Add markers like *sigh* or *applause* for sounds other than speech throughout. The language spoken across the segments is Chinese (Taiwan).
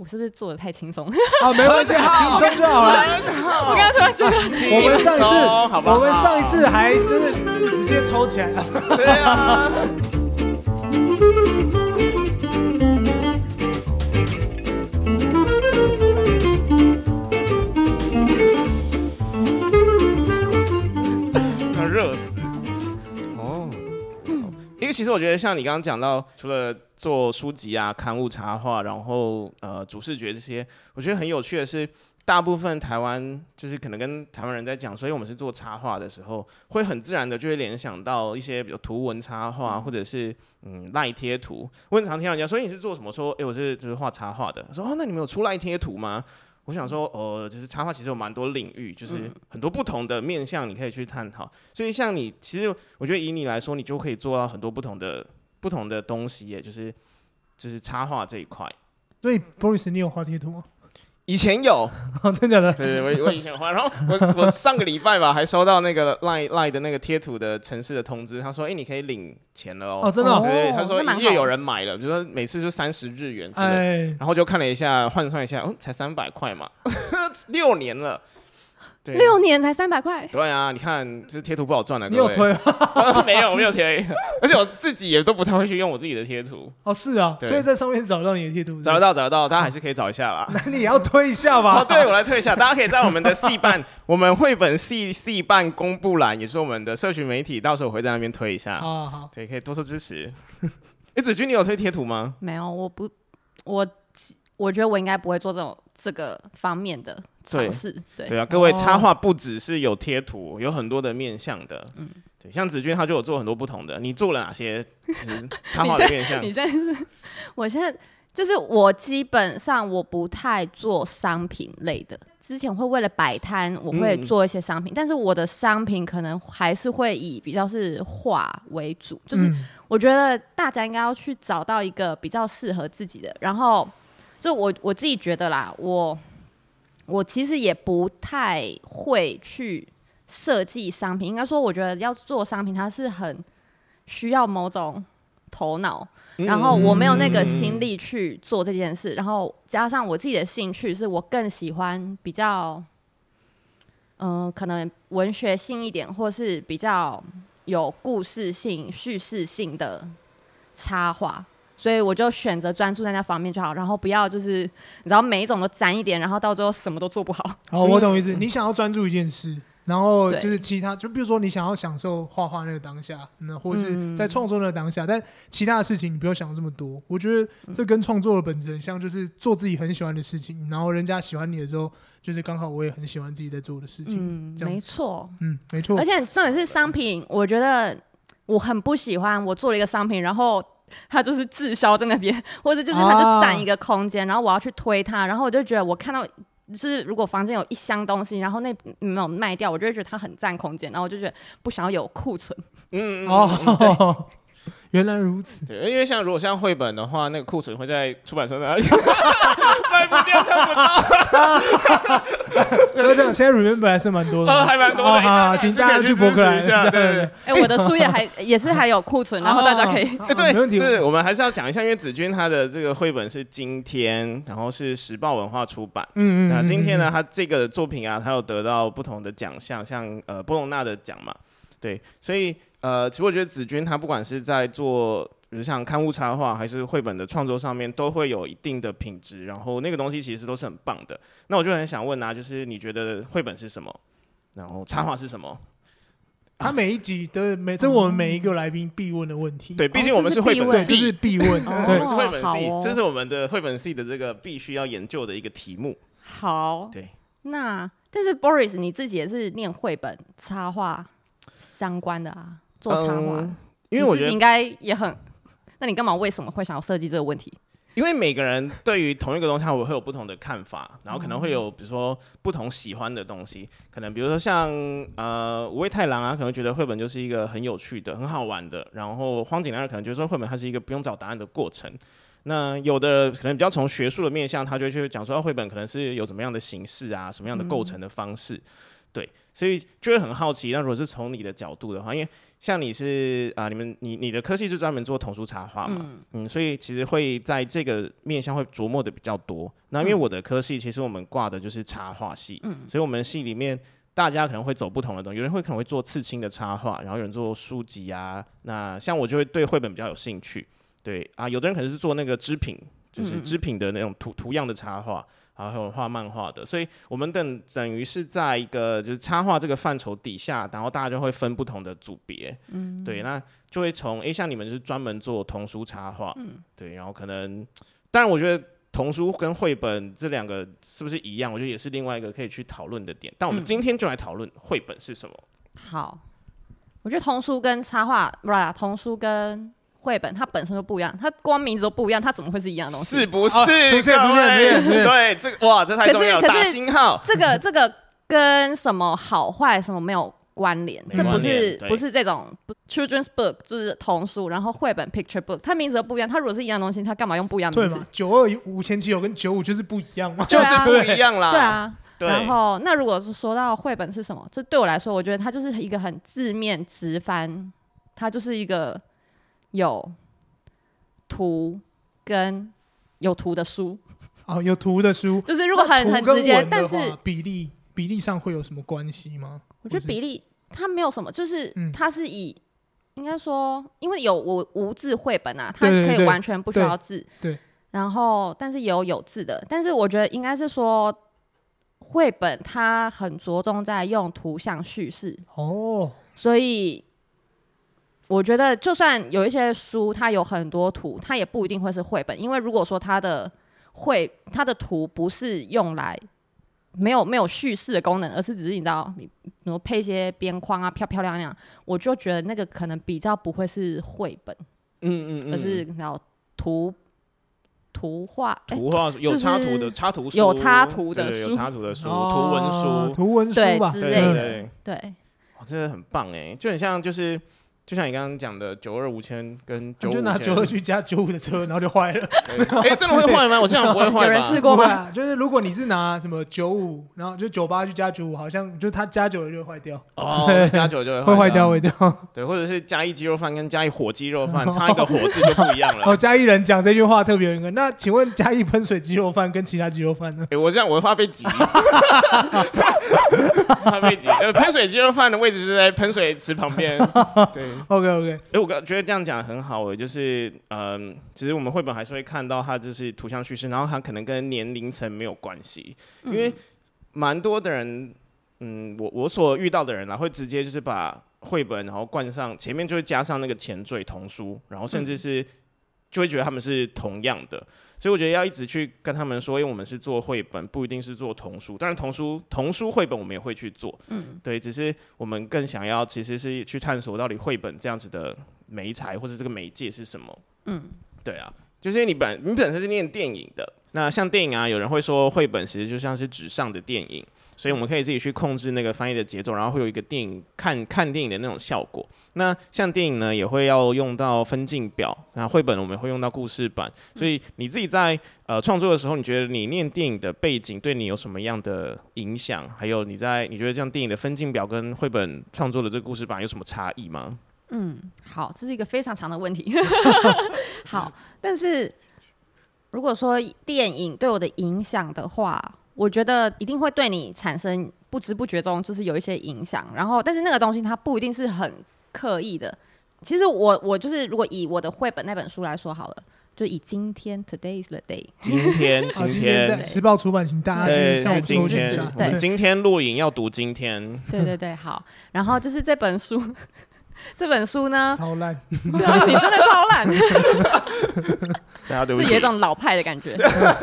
我是不是做的太輕鬆了？啊，沒關係，輕 *laughs* 鬆、啊、就好了。我好我，我、啊、我們上一次好好，我們上一次還就是直接抽起來了。 *laughs* 對啊。要熱哦。因為其實我覺得，像你剛剛講到，除了。做書籍啊、刊物插畫，然後呃，主視覺這些，我覺得很有趣的是，大部分台灣就是可能跟台灣人在講，所以我們是做插畫的時候，會很自然的就會聯想到一些比如圖文插畫，或者是嗯賴貼圖、嗯。我很常聽到人家，所以你是做什麼？說哎、欸，我是就是畫插畫的。說哦，那你們有出賴貼圖嗎？我想說，呃，就是插畫其實有蠻多領域，就是很多不同的面向你可以去探討、嗯。所以像你，其實我覺得以你來說，你就可以做到很多不同的。不同的東西，也就是就是插畫這一塊。所以 Boris，你有畫貼圖嗎？以前有， *laughs* 哦、真的假的？對我我以前有畫。然後我 *laughs* 我上個禮拜吧，還收到那個 Line 的那個貼圖的程式的通知，他說：“哎、欸，你可以領錢了哦。哦”真的、哦哦、對，對，對、哦，他說一月有人買了，比如說每次就三十日元之類，哎，然後就看了一下，換算一下，哦、才三百塊嘛， *laughs* 六年了。六年才三百塊。對啊，你看，這、就、貼、是、圖不好賺了，你有推、啊？、 *laughs* 沒有，沒有貼。而且我自己也都不太會去用我自己的貼圖。哦，是啊，所以在上面找不到你的貼圖是不是？找得到，找得到，大家還是可以找一下啦。那 *laughs* 你也要推一下吧、啊？對，我來推一下，大家可以在我們的系辦， *laughs* 我們繪本系系辦公布欄，也是我們的社群媒體，到時候我會在那邊推一下。好、啊、好，對，可以多多支持。哎、欸，梓鈞，你有推貼圖嗎？沒有，我不，我我覺得我應該不會做這種這個方面的。對，對對啊！各位、哦、插畫不只是有貼圖，有很多的面向的。嗯，對，像梓鈞他就有做很多不同的。你做了哪些 *laughs* 插畫的面向？你現在是，我現在就是我基本上我不太做商品類的。之前會為了擺攤，我會做一些商品，嗯，但是我的商品可能還是會以比較是畫為主，嗯。就是我覺得大家應該要去找到一個比較適合自己的。然後就我我自己覺得啦，我。我其實也不太會去設計商品，應該說，我覺得要做商品，它是很需要某種頭腦，然後我沒有那個心力去做這件事，然後加上我自己的興趣，是我更喜歡比較，嗯，可能文學性一點，或是比較有故事性、敘事性的插畫。所以我就選擇專注在那方面就好，然後不要就是，你知道每一種都沾一點，然後到最後什麼都做不好，嗯。好，我懂意思。你想要專注一件事，然後就是其他，就比如說你想要享受畫畫那個當下，那或是在創作那個當下，嗯，但其他的事情你不要想這麼多。我覺得這跟創作的本質很像，就是做自己很喜歡的事情，然後人家喜歡你的時候，就是剛好我也很喜歡自己在做的事情。嗯，沒錯，嗯，沒錯。而且重點是商品，我覺得我很不喜歡我做了一個商品，然後。他就是滯銷在那邊，或者就是他就占一個空間，oh. 然後我要去推他。然後我就覺得我看到，就是如果房間有一箱東西，然後那沒有賣掉，我就覺得他很占空間，然後我就覺得不想要有庫存。Oh. 嗯，對。原來如此。對，因為像如果像繪本的話，那個庫存會在出版社那裡賣不掉，看不到。不過這樣，現在繪本還是蠻多的嘛。呃、哦，還蠻多的啊，還啊，請大家去索取一下。對對對。哎、欸，我的書頁還也是還有庫存、啊，然後大家可以。啊啊啊啊、對，沒問題。對，我們還是要講一下，因為梓鈞他的這個繪本是今天，然後是時報文化出版。嗯嗯，嗯嗯。那今天呢，他這個作品啊，他有得到不同的獎項，像呃波隆納的獎嘛。對，所以。呃，其實我覺得梓鈞他不管是在做，比如像刊物插畫還是繪本的創作上面，都會有一定的品質。然後那個東西其實都是很棒的。那我就很想問啊，就是你覺得繪本是什麼？然後插畫是什麼？他每一集的每，這、嗯、是我們每一個來賓必問的問題。對，畢竟我們是繪本 C, 這是必問 *laughs* 對，這是必問。哦、對，我們是繪本 C，、哦、這是我們的繪本 C 的這個必須要研究的一個題目。好。對。那但是 Boris 你自己也是念繪本插畫相關的啊。做插畫、嗯、因為我覺得應該也很。那你幹嘛？為什麼會想要設計這個問題？因為每個人對於同一個東西，他會有不同的看法， *laughs* 然後可能會有比如說不同喜歡的東西。嗯、可能比如說像呃五味太郎啊，可能覺得繪本就是一個很有趣的、很好玩的。然後荒井良二可能覺得說繪本它是一個不用找答案的過程。那有的可能比較從學術的面向，他就去講說、啊，繪本可能是有什麼樣的形式啊，什麼樣的構成的方式。嗯、對，所以就會很好奇。那如果是從你的角度的話，因為像你是啊，你們你你的科系是專門做童書插畫嘛？嗯，嗯，所以其實會在這個面向會琢磨的比較多。那因為我的科系其實我們掛的就是插畫系，嗯，所以我們系裡面大家可能會走不同的東西，有人會可能會做刺青的插畫，然後有人做書籍啊。那像我就會對繪本比較有興趣，對啊，有的人可能是做那個織品，就是織品的那種圖圖樣的插畫。嗯嗯然後畫漫畫的，所以我們等等於是在一個就是插畫這個範疇底下，然後大家就會分不同的組別、嗯，對，那就會從誒、欸、像你們就是專門做童書插畫、嗯，對，然後可能，當然我覺得童書跟繪本這兩個是不是一樣？我覺得也是另外一個可以去討論的點。但我們今天就來討論繪本是什麼、嗯。好，我覺得童書跟插畫不是童書跟。繪本它本身就不一樣，它光名字都不一樣，它怎麼會是一樣東西？是不是？哦、出現出現，出現，出現對，這個哇，這太重要了。可是可是，這個這個跟什麼好壞什麼沒有關聯，嗯、這不是不是這種 children's book 就是童書，然後繪本 picture book 它名字都不一樣，它如果是一樣東西，它幹嘛用不一樣名字？九二五千七有跟九五就是不一樣嗎？就是不一樣啦。 *laughs* 對啊，對然後那如果是說到繪本是什麼，這對我來說，我覺得它就是一個很字面直翻，它就是一個。有圖跟有圖的書，哦，有圖的書就是如果很很直接，但是比例比例上會有什麼關係嗎？我覺得比例它沒有什麼，就是、嗯、它是以應該說，因為有無無字繪本啊，它可以完全不需要字，對對對對然後，但是有有字的，但是我覺得應該是說，繪本它很着重在用圖像敘事哦，所以。我覺得，就算有一些書，它有很多圖，它也不一定會是繪本。因為如果說它的繪、它的圖不是用來沒有沒有敘事的功能，而是只是你知道，你比如配一些邊框啊，漂漂亮亮，我就覺得那個可能比較不會是繪本。嗯嗯嗯，而是然後圖、圖畫、欸、圖畫有插圖的、就是、插圖書，有插圖的有插圖的書、哦，圖文書、圖文書對之類的。對，對，對，哇、喔，真的很棒，哎、欸，就很像就是。就像你剛剛講的九二五千跟九五，就拿九二去加九五的車，然後就壞了。哎，這 *laughs* 麼、欸、會壞嗎？我這樣不會壞，有人試過嗎、啊？就是如果你是拿什麼九五，然後就九八去加九五，好像就它加九了就壞掉。哦，對對對，加九就會壞掉，會掉、掉。對，或者是嘉義雞肉飯跟嘉義火雞肉飯，差一個火字就不一樣了。 *laughs* 哦，嘉義人講這句話特別有梗。那請問嘉義噴水雞肉飯跟其他雞肉飯呢？哎、欸，我這樣我怕被擠，怕 *laughs* *laughs* 被擠。呃，噴水雞肉飯的位置是在噴水池旁邊。 *laughs* 對。OK OK，哎、欸，我覺得這樣講很好誒，就是，嗯，其實我們繪本還是會看到它就是圖像敘事，然後它可能跟年齡層沒有關係，嗯，因為蠻多的人，嗯，我我所遇到的人啦，會直接就是把繪本然後冠上前面就會加上那個前綴童書，然後甚至是，嗯就會覺得他們是同樣的，所以我覺得要一直去跟他們說，因為我們是做繪本，不一定是做童書，當然童書童書繪本我們也會去做，嗯，對，只是我們更想要其實是去探索到底繪本這樣子的媒材或者這個媒介是什麼，嗯，對啊，就是你本你本身是念電影的，那像電影啊，有人會說繪本其實就像是紙上的電影，所以我們可以自己去控制那個翻譯的節奏，然後會有一個電影看看電影的那種效果。那像電影呢，也會要用到分鏡表。那繪本我們會用到故事板，所以你自己在呃創作的時候，你覺得你念電影的背景對你有什麼樣的影響？還有你在你覺得像電影的分鏡表跟繪本創作的這個故事板有什麼差異嗎？嗯，好，這是一個非常長的問題。 *laughs* *laughs* 好，但是如果說電影對我的影響的話，我覺得一定會對你產生不知不覺中就是有一些影響。然後，但是那個東西它不一定是很。刻意的，其實我我就是，如果以我的繪本那本書來說好了，就以今天 Today's the day，今天 *laughs* 今天，啊、今天時報出版請大家今天對，今天錄影要讀今天，對，對對對，好。然後就是這本書， *laughs* 這本書呢，超爛， *laughs* 對啊，你真的超爛。 *laughs* 大家對不起，是有一種老派的感覺。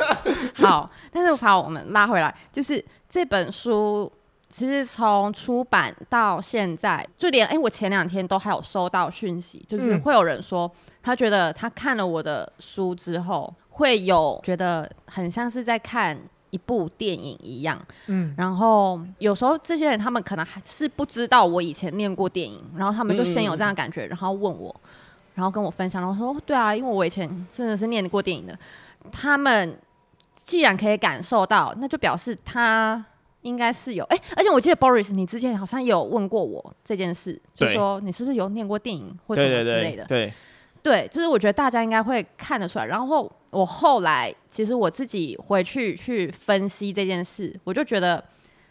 *laughs* 好，但是我把我們拉回來，就是這本書。其實從出版到現在，就連哎、欸，我前兩天都還有收到訊息，就是會有人說、嗯、他覺得他看了我的書之後，會有覺得很像是在看一部電影一樣。嗯，然後有時候這些人他們可能還是不知道我以前念過電影，然後他們就先有這樣的感覺，然後問我，然後跟我分享，然後說對啊，因為我以前真的是念過電影的。他們既然可以感受到，那就表示他。應該是有哎、欸，而且我記得 Boris，你之前好像有問過我這件事，就是說你是不是有念過電影或什麼之類的。對對對，對，就是我覺得大家應該會看得出來。然後我後來其實我自己回去去分析這件事，我就覺得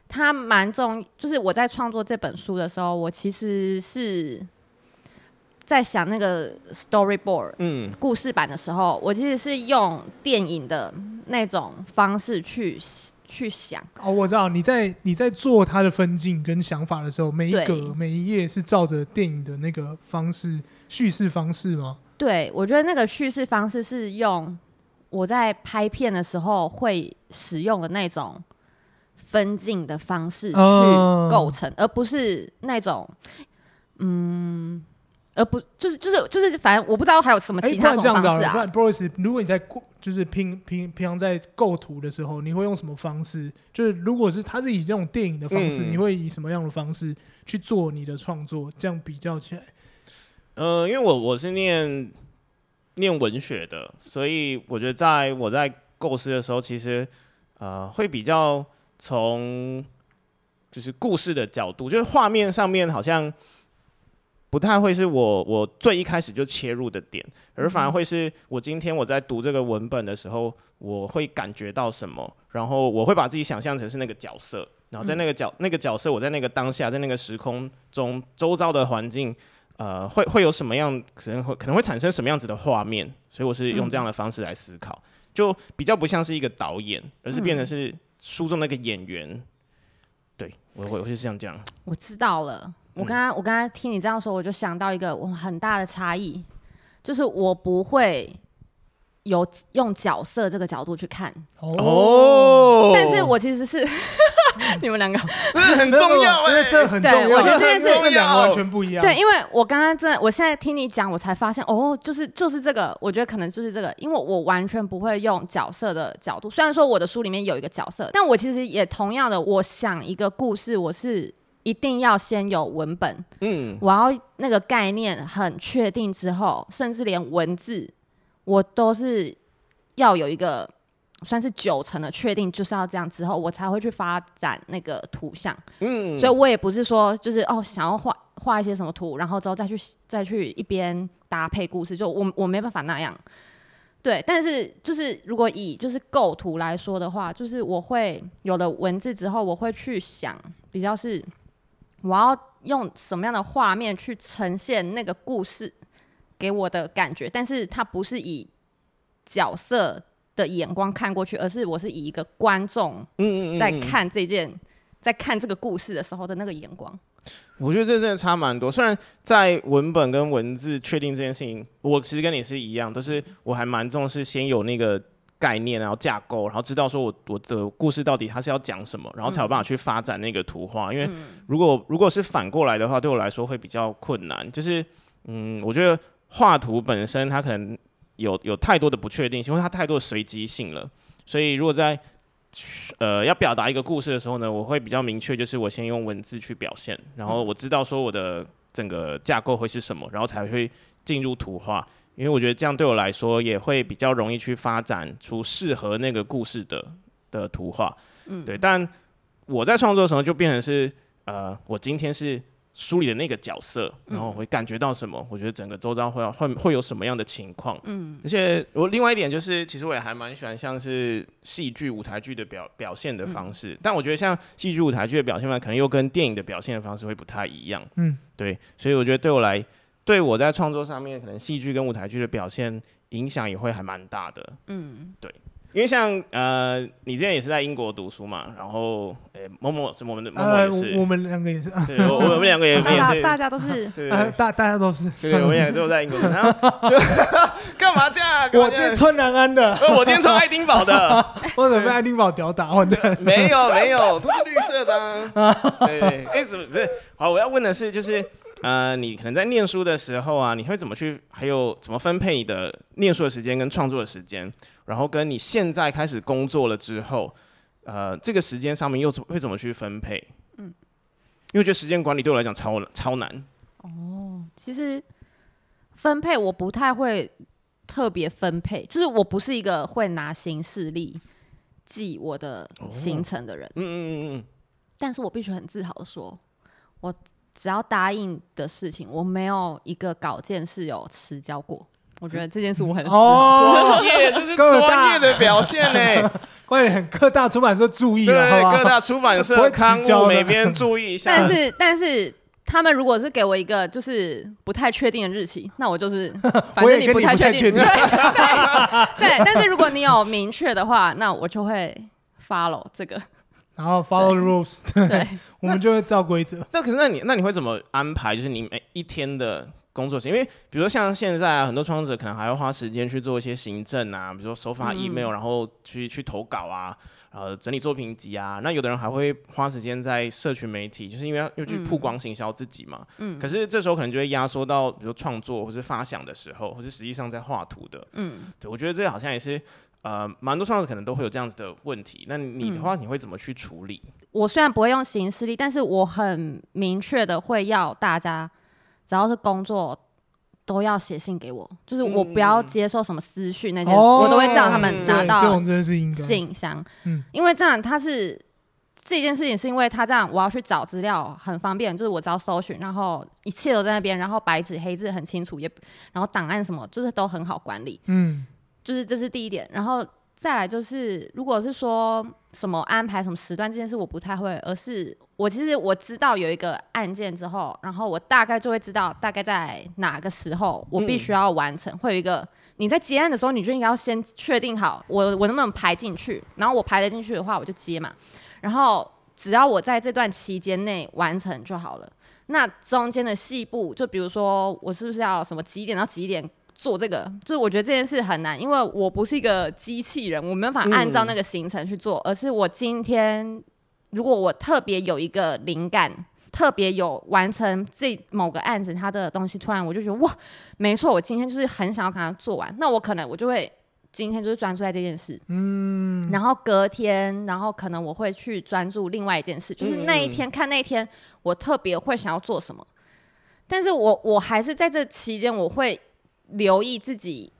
他蠻重。就是我在創作這本書的時候，我其實是，在想那個 storyboard，嗯，故事版的時候，我其實是用電影的那種方式去。去想哦，oh, 我知道你在你在做他的分鏡跟想法的時候，每一格每一頁是照着電影的那個方式敘事方式嗎？對，我覺得那個敘事方式是用我在拍片的時候會使用的那種分鏡的方式去構成，oh. 而不是那種嗯。而不就是就是就是，就是就是、反正我不知道還有什麼其他的、啊。欸、這樣子啊，不好意思，如果你在就是平平常在構圖的時候，你會用什麼方式？就是如果是他是以這種電影的方式、嗯，你會以什麼樣的方式去做你的創作？這樣比較起來，嗯、呃，因為我我是念念文學的，所以我覺得在我在構思的時候，其實呃會比較從就是故事的角度，就是畫面上面好像。不太會是我我最一開始就切入的點，而反而會是我今天我在讀這個文本的時候，嗯、我會感覺到什麼，然後我會把自己想象成是那個角色，然後在那個角、嗯、那個角色，我在那個當下，在那個時空中，周遭的環境，呃，會會有什麼樣，可能會可能會產生什麼樣子的畫面，所以我是用這樣的方式來思考、嗯，就比較不像是一個導演，而是變成是書中那個演員，嗯、對我我我就是像這樣，我知道了。我剛剛我剛剛聽你這樣說，我就想到一個我們很大的差異，就是我不會有用角色這個角度去看哦，但是我其實是、嗯、 *laughs* 你們兩個、嗯、 *laughs* 很重要，因為這很重要。我覺得這件事這兩個完全不一樣。對，因為我剛剛真的，我現在聽你講，我才發現哦，就是就是這個，我覺得可能就是這個，因為我完全不會用角色的角度。雖然說我的書裡面有一個角色，但我其實也同樣的，我想一個故事，我是。一定要先有文本，嗯，我要那個概念很確定之後，甚至連文字我都是要有一個算是九成的確定，就是要這樣之後，我才會去發展那個圖像，嗯，所以我也不是說就是哦想要畫畫一些什麼圖，然後之後再去再去一邊搭配故事，就我我沒辦法那樣，對，但是就是如果以就是構圖來說的話，就是我會有了文字之後，我會去想比較是。我要用什麼樣的畫面去呈現那個故事給我的感覺？但是它不是以角色的眼光看過去，而是我是以一個觀眾在看這件嗯嗯嗯嗯，在看這個故事的時候的那個眼光。我覺得這真的差蠻多。雖然在文本跟文字確定這件事情，我其實跟你是一樣，但是我還蠻重視先有那個。概念，然後架構，然後知道說我我的故事到底它是要講什麼，然後才有辦法去發展那個圖畫。嗯、因為如果如果是反過來的話，對我來說會比較困難。就是嗯，我覺得畫圖本身它可能有有太多的不確定性，因為它太多的隨機性了。所以如果在呃要表達一個故事的時候呢，我會比較明確，就是我先用文字去表現，然後我知道說我的整個架構會是什麼，然後才會進入圖畫。因為我覺得這樣對我來說也會比較容易去發展出適合那個故事的的圖畫，嗯，對。但我在創作的時候就變成是，呃，我今天是書裡的那個角色，然後我會感覺到什麼，嗯，我覺得整個周遭會會會有什麼樣的情況，嗯。而且我另外一點就是，其實我也還蠻喜歡像是戲劇舞台劇的表表現的方式，嗯，但我覺得像戲劇舞台劇的表現方式可能又跟電影的表現的方式會不太一樣，嗯，對。所以我覺得對我來，對我在創作上面，可能戲劇跟舞台劇的表現影響也會還蠻大的。嗯，對，因為像呃，你之前也是在英國讀書嘛，然後誒，某某什麼的、呃，我們是，我們兩個也是，對我我們兩個也也是、啊，大家都是，對，啊、大大家都是，對，啊、對對我們兩個都在英國。幹、 *laughs* 啊、就 *laughs* 嘛，嘛這樣？我今天穿南安的、啊，我今天穿愛丁堡的， *laughs* 我怎麼被愛丁堡屌打？我呢？沒有沒有， *laughs* 都是綠色的、啊。 *laughs* 對，怎 *laughs* 麼、欸、不是。好，我要問的是，就是。呃，你可能在念書的時候啊，你會怎麼去？還有怎麼分配你的念書的時間跟創作的時間？然後跟你現在開始工作了之後，呃，這個時間上面又會怎麼去分配？嗯，因為我覺得時間管理對我來講超超難。哦，其實分配我不太會特別分配，就是我不是一個會拿行事曆記我的行程的人、哦。嗯嗯嗯嗯。但是我必須很自豪地說，我。只要答應的事情，我沒有一個稿件是有遲交過。我覺得這件事我很專業，哦， *laughs* 這是專業的表現，關於很 *laughs* 各大出版社注意對，對，對，各大出版社刊物邊注意一下。但是 *laughs* 但是，但是他們如果是給我一個就是不太確定的日期，那我就是反正你不太確定，太定 *laughs* 對。對，對對， *laughs* 但是如果你有明確的話，那我就會 follow 這個。然後 follow rules，對，對，對，我們就會照規則。那可是那你那你會怎麼安排？就是你每一天的工作時間，因為比如說像現在、啊、很多創作者可能還要花時間去做一些行政啊，比如說收發 email、嗯、email，然後去去投稿啊，呃，整理作品集啊。那有的人還會花時間在社群媒體，就是因為要去曝光、行銷自己嘛。嗯。可是這時候可能就會壓縮到，比如創作或是發想的時候，或是實際上在畫圖的。嗯。對，我覺得這好像也是。呃，蠻多創作者可能都會有這樣子的問題，那你的話，你會怎麼去處理？嗯、我雖然不會用行事曆，但是我很明確的會要大家，只要是工作都要寫信給我，就是我不要接受什麼私訊那些、嗯，我都會叫他們拿到、嗯嗯對。這種真的是應該信箱、嗯，因為這樣他是這件事情，是因為他這樣我要去找資料很方便，就是我只要搜尋，然後一切都在那邊，然後白紙黑字很清楚，也然後檔案什麼就是都很好管理，嗯。就是這是第一點，然後再來就是，如果是說什麼安排什麼時段這件事，我不太會，而是我其實我知道有一個案件之後，然後我大概就會知道大概在哪個時候我必須要完成。嗯，會有一個你在接案的時候，你就應該要先確定好我我能不能排進去，然後我排得進去的話，我就接嘛，然後只要我在這段期間內完成就好了。那中間的細部，就比如說我是不是要什麼幾點到幾點？做這個，就是我覺得這件事很難，因為我不是一個機器人，我沒有辦法按照那個行程去做，嗯、而是我今天如果我特別有一個靈感，特別有完成這某個案子，它的東西突然我就覺得哇，沒錯，我今天就是很想要把它做完，那我可能我就會今天就是專注在這件事，嗯，然後隔天，然後可能我會去專注另外一件事，就是那一天、嗯、看那一天我特別會想要做什麼，但是我我還是在這期間我會。留意自己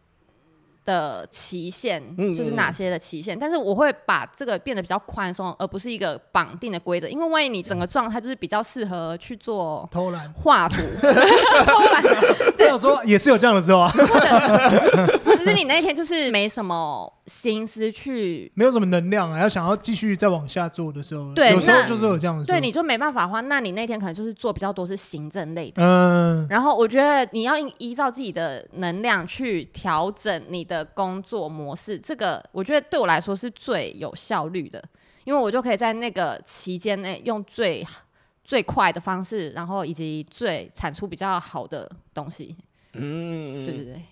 的期限，嗯、就是哪些的期限、嗯，但是我會把這個變得比較寬鬆，而不是一個綁定的規則。因為萬一你整個狀態就是比較適合去做偷懶畫圖， *laughs* *laughs* 偷懶，對，我想說也是有這樣的時候啊。 *laughs* 就是你那天就是沒什麼心思去， *laughs* 沒有什麼能量啊，要想要繼續再往下做的時候，對，那有時候就是有這樣子，對，你就沒辦法話，那你那天可能就是做比較多是行政類的，嗯。然後我覺得你要依照自己的能量去調整你的工作模式，這個我覺得對我來說是最有效率的，因為我就可以在那個期間內用最最快的方式，然後以及最產出比較好的東西。嗯，對對對。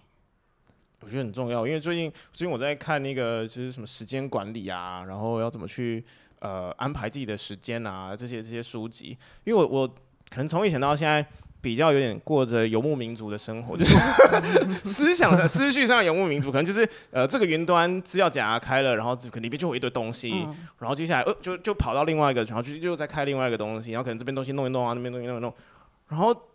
我覺得很重要，因為最近最近我在看那個就是什麼時間管理啊，然後要怎麼去呃安排自己的時間啊，這些這些書籍。因為我我可能從以前到現在比較有點過着游牧民族的生活，就是 *laughs* *laughs* 思想上思緒上游牧民族， *laughs* 可能就是呃這個雲端資料夾開了，然後可裡面就有一堆東西，嗯、然後接下來呃就就跑到另外一個，然後就又再開另外一個東西，然後可能這邊東西弄一弄啊，那邊東西弄一弄，然後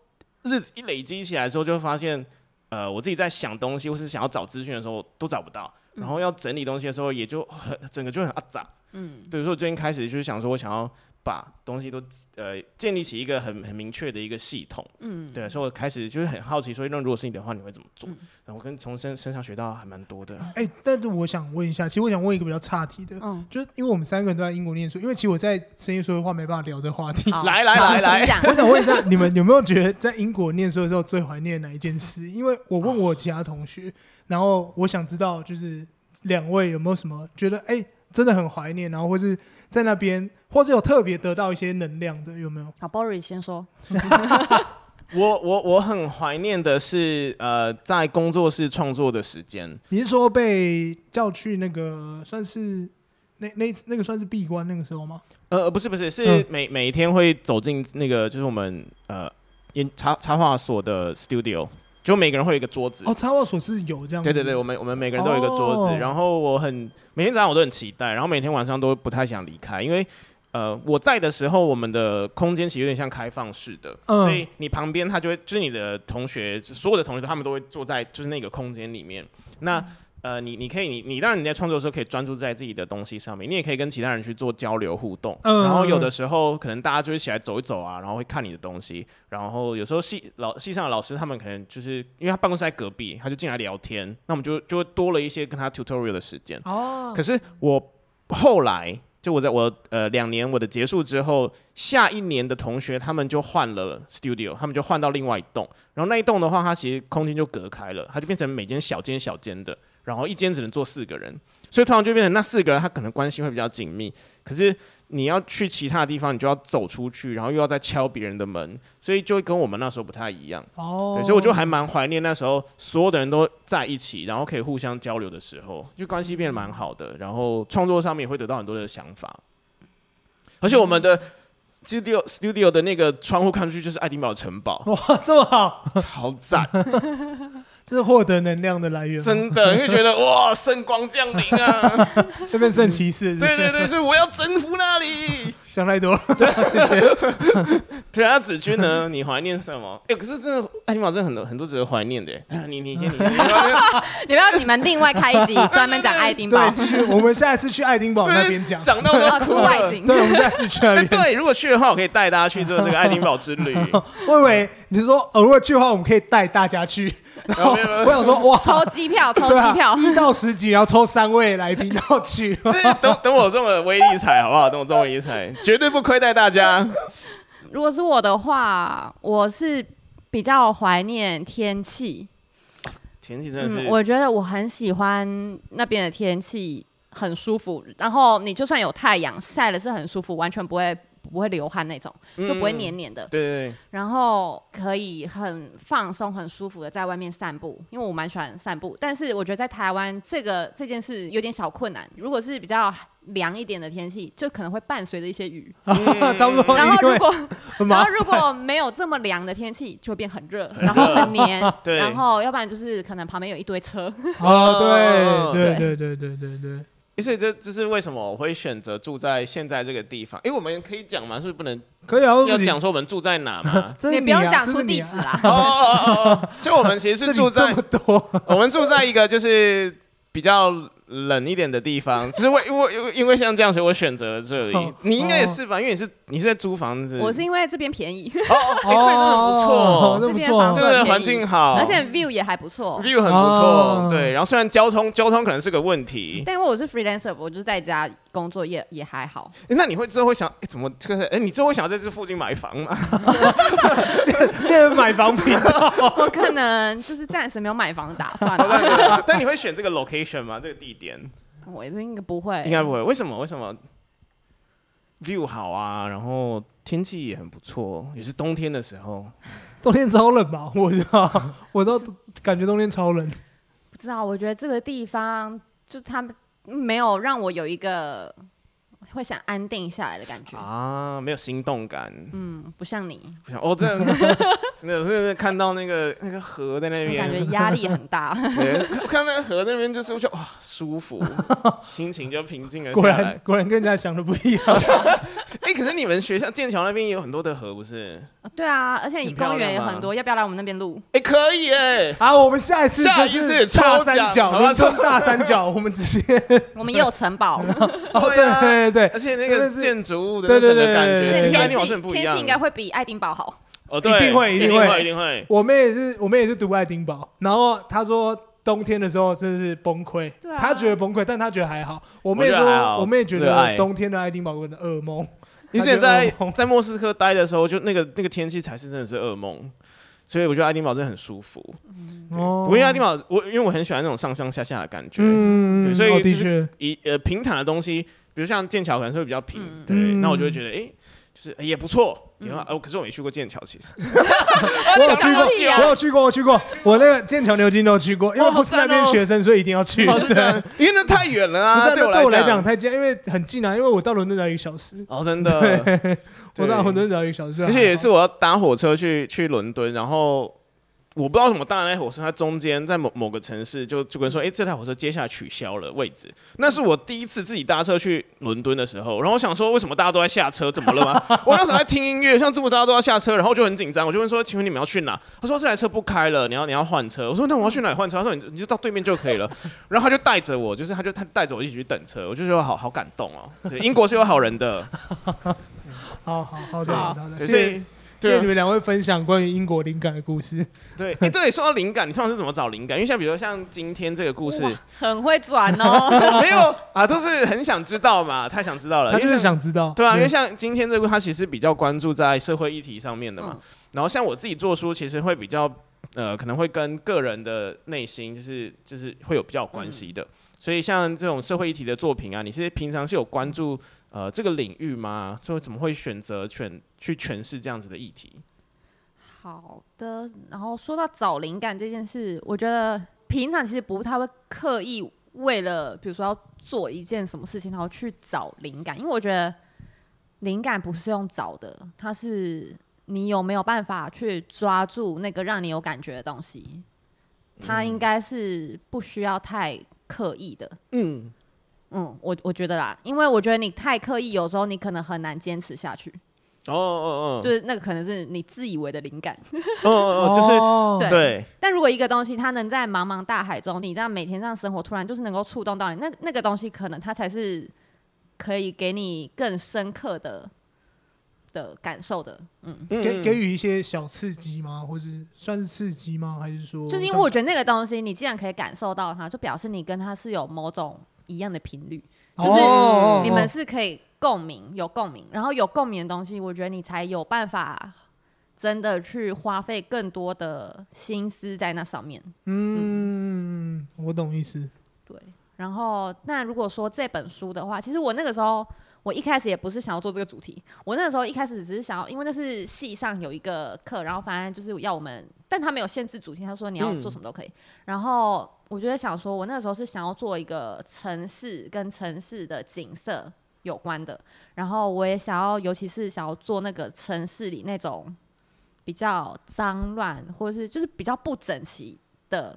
日子一累積起來的時候，就會發現。呃，我自己在想東西，或是想要找資訊的時候都找不到，嗯，然後要整理東西的時候也就很整個就很阿雜，嗯，比如說我最近開始就想說，我想要。把東西都呃建立起一個很很明確的一個系統，嗯，對，所以我開始就是很好奇說，說那如果是你的話，你會怎麼做？我、嗯、跟從身身上學到還蠻多的。哎、嗯欸，但是我想問一下，其實我想問一個比較岔題的，嗯，就是因為我們三個人都在英國念書，因為其實我在深夜說的話沒辦法聊這個話題。來來來來，來來來 *laughs* 我想問一下，你們有沒有覺得在英國念書的時候最懷念哪一件事？因為我問我其他同學，哦、然後我想知道就是兩位有沒有什麼覺得哎、欸、真的很懷念，然後或是。在那邊，或者有特別得到一些能量的？有沒有？好，Bory 先說。 *laughs* *laughs* 我我我很懷念的是，呃，在工作室創作的時間。你是說被叫去那個算是那那那個算是閉關那個時候嗎？呃，不是不是，是每每一天會走進那個就是我們、嗯、呃，插插畫所的 studio。就每個人會有一個桌子哦，插話所是有這樣。對對對，我們我們每個人都有一個桌子，哦、然後我很每天早上我都很期待，然後每天晚上都不太想離開，因為呃我在的時候，我們的空間其實有點像開放式的，嗯、所以你旁邊他就會就是你的同學，就所有的同學他們都會坐在就是那個空間裡面。那、嗯呃，你你可以，你你當然你在創作的時候可以專注在自己的東西上面，你也可以跟其他人去做交流互動。嗯、嗯。然後有的時候可能大家就會起來走一走啊，然後會看你的東西。然後有時候系老系上的老師他們可能就是因為他辦公室在隔壁，他就進來聊天，那我們就就會多了一些跟他 tutorial 的時間。哦。可是我後來就我在我，我呃兩年我的結束之後，下一年的同學他們就換了 studio，他們就換到另外一棟，然後那一棟的話，它其實空間就隔開了，它就變成每間小間小間的。然後一間只能坐四個人，所以通常就變成那四個人他可能關係會比較緊密。可是你要去其他的地方，你就要走出去，然後又要再敲別人的門，所以就會跟我們那時候不太一樣。哦，所以我就還蠻懷念那時候所有的人都在一起，然後可以互相交流的時候，就關係變得蠻好的。然後創作上面也會得到很多的想法。而且我們的 studio studio 的那個窗戶看出去就是愛丁堡城堡，哇，這麼好，超讚。 *laughs* 就是獲得能量的來源，真的因為覺得 *laughs* 哇，聖光降臨啊，這邊聖騎士，對對對，所以我要征服那裡。 *laughs* 想太多對， *laughs* 對，謝謝。對啊，梓鈞呢？ *laughs* 你懷念什麼？哎、欸，可是這個愛丁堡真的很多很多值得懷念的。你你先你先，你們你，你， *laughs* *laughs* 你，你們另外開一集專門講愛丁堡。 *laughs* 對，我們下一次去愛丁堡那邊講，講到都要出外景。對，我們下次去那邊。對，如果去的話，我可以帶大家去做這個愛丁堡之旅。喂 *laughs* 喂，你是說如果去的話，我們可以帶大家去？沒有，我想說哇， *laughs* 抽機票，抽機票，啊，一到十集要抽三位來賓到去。 *laughs* 對，等等我中個威力彩好不好？等我中個威力彩。絕對不虧待大家、嗯。如果是我的話，我是比較懷念天氣。天氣真的是、嗯，我覺得我很喜歡那邊的天氣，很舒服。然後你就算有太陽曬了，是很舒服，完全不會不會流汗那種，就不會黏黏的。對、嗯、然後可以很放鬆、很舒服的在外面散步，因為我蠻喜歡散步。但是我覺得在台灣這個這件事有點小困難。如果是比較涼一點的天氣，就可能會伴隨着一些雨，差不多。然後如果，然後如果沒有這麼涼的天氣，就會變很熱，然後很黏。對，然後要不然就是可能旁邊有一堆車。哦，對對對對對對對。所以這，這是為什麼我會選擇住在現在這個地方？因、欸、為我們可以講嘛，是不是不能？可以哦、啊，要講說我們住在哪嗎你、啊？你不用講出地址啦。哦、啊，啊、 *laughs* oh, oh, oh, oh. 就我們其實是住在這這麼多，我們住在一個就是比較。冷一點的地方，只是為因為因為像這樣，所以我選擇了這裡。哦、你應該也是吧、哦？因為你是你是在租房子，我是因為這邊便宜。哦、欸、哦，欸、真的很不錯、哦哦，那不錯，這邊房子環境好，而且 view 也還不錯，view 很不錯、哦。對，然後雖然交通交通可能是個問題，但因為我是 freelancer，我就是在家。工作也也還好、欸，那你會之後會想，哎、欸，怎麼就是，哎、欸，你之後會想要在這附近買房嗎？練 *laughs* *laughs* 買房比較好 *laughs* *laughs* 我可能就是暫時沒有買房的打算。 *laughs* *laughs* *laughs* 但你會選這個 location 嗎？這個地點，我應該不會，應該不會。為什麼？為什麼？view 好啊，然後天氣也很不錯，也是冬天的時候， *laughs* 冬天超冷吧。我知道，我都感覺冬天超冷。 *laughs* 不知道，我覺得這個地方就他們。沒有讓我有一個會想安定下來的感覺啊，沒有心動感，嗯，不像你，不像哦，這樣，那 *laughs* 真的，是，是，是看到那個 *laughs* 那個河在那邊，我感覺壓力很大。 *laughs* 對，我看那個河那邊就是，我就哇、啊，舒服，心情就平靜了。 *laughs* 果然，果然跟人家想的不一樣。哎、 *laughs* *laughs* 欸，可是你們學校劍橋那邊也有很多的河，不是？對啊，而且公園也很多很，要不要來我們那邊錄？哎、欸，可以哎、欸！好、啊、我們下一次就是大三角，倫敦大三角，我們直接。 *laughs* 我們也有城堡。 *laughs* 哦對、啊對啊，對對對，而且那個建築物的那整個感覺，對對對對對對，天氣天氣應該會比愛丁堡好。哦，對一定會一定會一定會。我妹也是我妹也是讀愛丁堡，然後她說冬天的時候真是崩潰、啊，她覺得崩潰，但她覺得還好。我妹，我我妹說、啊，我妹覺得冬天的愛丁堡有點噩夢。以前在在莫斯科待的時候，就那個那個天氣才是真的是噩夢，所以我覺得愛丁堡真的很舒服。嗯，哦、我因為愛丁堡，我因為我很喜歡那種上上下下的感覺，嗯、對，所以就是一、哦、呃平坦的東西，比如像劍橋可能會比較平，嗯、對，那我就會覺得誒。欸就是、欸、也不錯，挺好、嗯哦。可是我沒去過劍橋，其實。 *laughs* *laughs* 我有去過、 *laughs* 啊、我有去過，我有去過，我去過。我那個劍橋、牛津都去過，因為不是那邊學生，所以一定要去。哦、因為那太遠了啊！不是、啊、對我來講太近、啊講，因為很近啊，因為我到倫敦只要一個小時。哦，真的，我到倫敦只要一個小時。而且也是我要搭火車去去倫敦，然後。我不知道什麼大那火車，它中間在某某個城市就就跟說，哎、欸，這台火車接下來取消了位置。那是我第一次自己搭車去倫敦的時候，然後我想說，為什麼大家都在下車？怎麼了嗎？ *laughs* 我當時在聽音樂，像這麼大家都要下車，然後就很緊張，我就問說，請問你們要去哪？他說這台車不開了，你要你要換車。我說那我要去哪裡換車？他說你你就到對面就可以了。然後他就帶着我，就是他就他帶着我一起去等車，我就覺得好好感動哦、喔。英國是有好人的。 *laughs* 好好好的好，對好的對，謝謝。對啊、謝謝你們兩位分享關於英國靈感的故事。對，欸、對，說到靈感，你通常是怎麼找靈感？因為像，比如說像今天這個故事，很會轉哦。 *laughs* 沒有啊，都是很想知道嘛，太想知道了。他就是想，想知道，對啊對，因為像今天這個故事，他其實比較關注在社會議題上面的嘛。嗯、然後像我自己做書，其實會比較呃，可能會跟個人的內心，就是就是會有比較有關係的、嗯。所以像這種社會議題的作品啊，你是平常是有關注？呃，這個領域嗎？就怎麼會選擇全去詮釋這樣子的議題？好的，然後說到找靈感這件事，我覺得平常其實不太會刻意為了，比如說要做一件什麼事情，然後去找靈感，因為我覺得靈感不是用找的，它是你有沒有辦法去抓住那個讓你有感覺的東西，嗯、它應該是不需要太刻意的，嗯。嗯，我我覺得啦，因為我覺得你太刻意，有時候你可能很難堅持下去。哦哦哦，就是那個可能是你自以為的靈感。哦、oh, oh,，oh, *laughs* oh, oh, 就是對,對。但如果一個東西它能在茫茫大海中，你這樣每天這樣生活，突然就是能夠觸動到你，那那個東西可能它才是可以給你更深刻的的感受的。嗯，給給予一些小刺激嗎？或是算是刺激嗎？還是說，就是因為我覺得那個東西，你既然可以感受到它，就表示你跟它是有某種。一樣的頻率，就是 oh, oh, oh, oh, oh. 你們是可以共鳴，有共鳴，然後有共鳴的東西，我覺得你才有辦法真的去花費更多的心思在那上面。Mm, 嗯，我懂意思。對，然後那如果說這本書的話，其實我那個時候。我一開始也不是想要做這個主題，我那個時候一開始只是想要，因為那是系上有一個課，然後反正就是要我們，但他沒有限制主題，他說你要做什麼都可以。嗯、然後我覺得想說，我那個時候是想要做一個城市跟城市的景色有關的，然後我也想要，尤其是想要做那個城市裡那種比較髒亂或者是就是比較不整齊的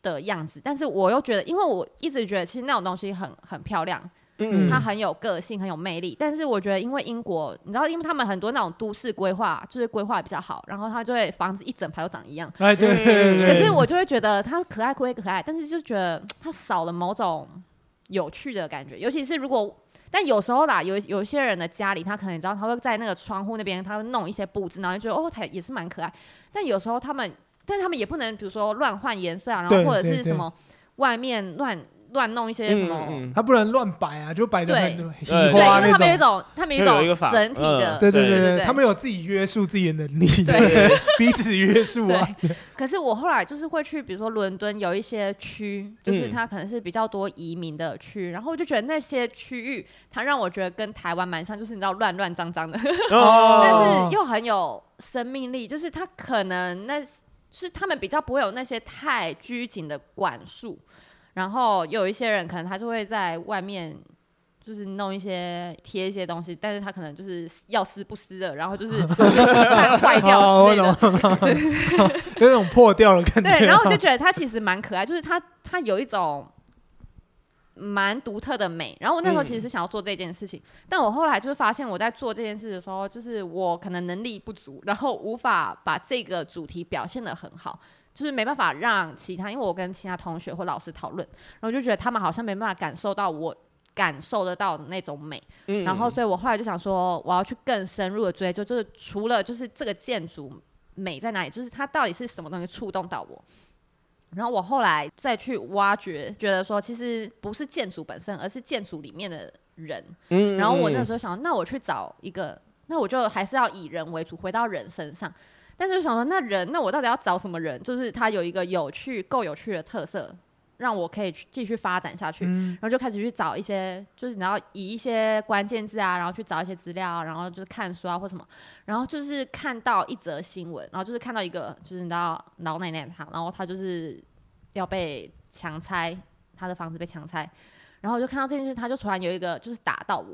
的樣子。但是我又覺得，因為我一直覺得其實那種東西很很漂亮。嗯，它，嗯，很有個性，嗯，很有魅力。但是我覺得，因為英國，你知道，因為他們很多那種都市規劃就是規劃比較好，然後它就會房子一整排都長一樣。哎，對，對，對。可是我就會覺得它可愛歸可愛，但是就覺得它少了某種有趣的感覺。尤其是如果，但有時候啦，有有一些人的家裡，他可能你知道，他會在那個窗戶那邊，他會弄一些布置，然後就覺得哦，他也是蠻可愛。但有時候他們，但是他們也不能，比如說亂換顏色啊，然後或者是什麼外面亂。對對對。亂弄一些什麼？他、嗯嗯、不能亂擺啊，就擺的很很、啊、因為他們有一種，他沒有一種整體的。對、嗯、對對對，他們有自己約束自己的能力，對對對 *laughs* 彼此約束啊對對對。可是我後來就是會去，比如說倫敦有一些區，就是它可能是比較多移民的區、嗯，然後我就覺得那些區域，它讓我覺得跟台灣蠻像，就是你知道亂亂髒脏的，哦、 *laughs* 但是又很有生命力，就是它可能那是他們比較不會有那些太拘謹的管束。然後有一些人可能他就會在外面，就是弄一些、貼一些東西，但是他可能就是要撕不撕的，然後就是壞掉那種， *laughs* 好好 *laughs* 有種破掉的感覺。對，然後我就覺得他其實蠻可愛， *laughs* 就是他他有一種蠻獨特的美。然後我那時候其實是想要做這件事情，嗯、但我後來就是發現我在做這件事的時候，就是我可能能力不足，然後無法把這個主題表現得很好。就是沒辦法讓其他，因為我跟其他同學或老師討論，然後就覺得他們好像沒辦法感受到我感受得到的那種美。嗯嗯。然後所以我後來就想說，我要去更深入的追究，就，就是除了就是這個建築美在哪裡，就是它到底是什麼東西觸動到我。然後我後來再去挖掘，覺得說其實不是建築本身，而是建築裡面的人。嗯嗯嗯。然後我那時候想，那我去找一個，那我就還是要以人為主，回到人身上。但是我想說，那人那我到底要找什麼人？就是他有一個有趣、夠有趣的特色，讓我可以去繼續發展下去、嗯。然後就開始去找一些，就是你要以一些關鍵字啊，然後去找一些資料，然後就是看書啊或什麼。然後就是看到一則新聞，然後就是看到一個，就是你知道老奶奶她，然後她就是要被強拆，她的房子被強拆。然後我就看到這件事，他就突然有一個就是打到我，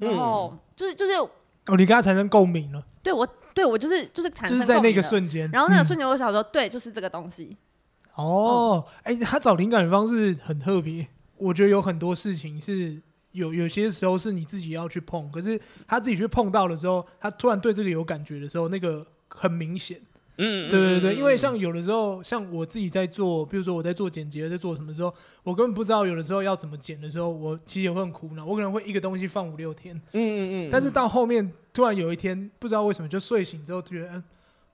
嗯、然後就是就是哦，你跟他產生共鳴了，對我。對，我就是就是就是在那個瞬間，然後那個瞬間、嗯，我想說，對，就是這個東西。哦，哎、嗯欸，他找靈感的方式很特別。我覺得有很多事情是有，有些時候是你自己要去碰，可是他自己去碰到的時候，他突然對這個有感覺的時候，那個很明顯。嗯，嗯，對，對對對，因為像有的時候，像我自己在做，比如說我在做剪輯，在做什麼時候，我根本不知道有的時候要怎麼剪的時候，我其實也會很苦惱。我可能會一個東西放五六天，嗯嗯嗯，嗯，但是到後面突然有一天不知道為什麼就睡醒之後就覺得，嗯、哎，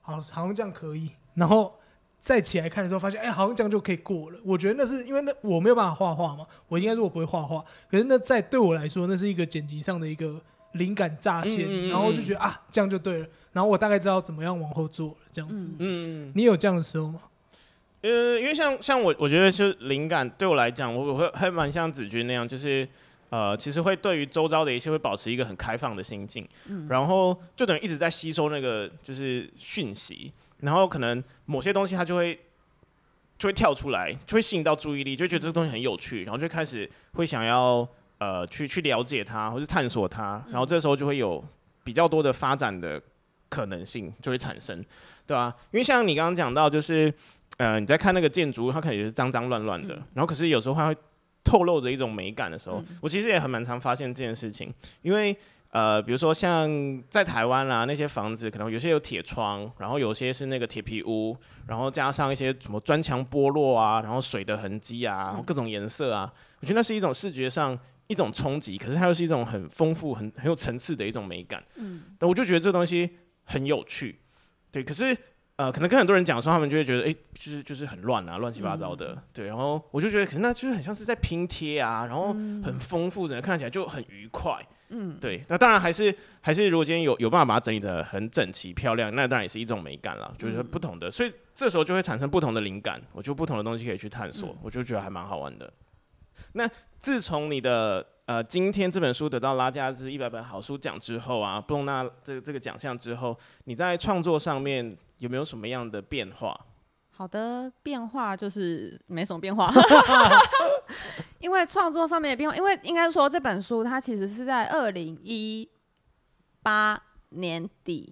好，好像這樣可以，然後再起來看的時候發現，哎，好像這樣就可以過了。我覺得那是因為那我沒有辦法畫畫嘛，我應該如果不會畫畫，可是那在對我來說，那是一個剪輯上的一個。靈感乍現，然後就覺得、嗯、啊，這樣就對了，然後我大概知道怎麼樣往後做了這樣子。嗯，你有這樣的時候嗎？嗯嗯嗯、呃，因為像像我，我覺得就是靈感對我來講，我我會還蠻像梓鈞那樣，就是呃，其實會對於周遭的一切會保持一個很開放的心境，嗯、然後就等於一直在吸收那個就是訊息，然後可能某些東西它就會就會跳出來，就會吸引到注意力，就覺得這東西很有趣，然後就開始會想要。呃，去去了解它，或是探索它，然後這時候就會有比較多的發展的可能性，就會產生，對吧、啊？因為像你剛剛講到，就是呃，你在看那個建築，它可能也是髒髒亂亂的，嗯、然後可是有時候它會透露着一種美感的時候、嗯，我其實也很蠻常發現這件事情，因為呃，比如說像在台灣啦、啊，那些房子可能有些有鐵窗，然後有些是那個鐵皮屋，然後加上一些什麼磚牆剝落啊，然後水的痕迹啊，各種顏色啊，我覺得那是一種視覺上。一種衝擊，可是它又是一種很豐富、很很有層次的一種美感。嗯，那我就覺得這東西很有趣，對。可是呃，可能跟很多人講說，他們就會覺得，誒、欸，就是就是很亂啊，亂七八糟的、嗯。對，然後我就覺得，可能那就是很像是在拼貼啊，然後很豐富，整個看起來就很愉快。嗯，對。那當然還是還是，如果今天有有辦法把它整理得很整齊漂亮，那當然也是一種美感了，就是不同的、嗯。所以這時候就會產生不同的靈感，我覺得不同的東西可以去探索，嗯、我就覺得還蠻好玩的。那自從你的呃，今天這本書得到拉加茲一百本好書獎之後啊，布隆納這個這個獎項之後，你在創作上面有沒有什麼樣的變化？好的，變化就是沒什麼變化， *laughs* *laughs* *laughs* 因為創作上面的變化，因為應該說，這本書它其實是在二零一八年底，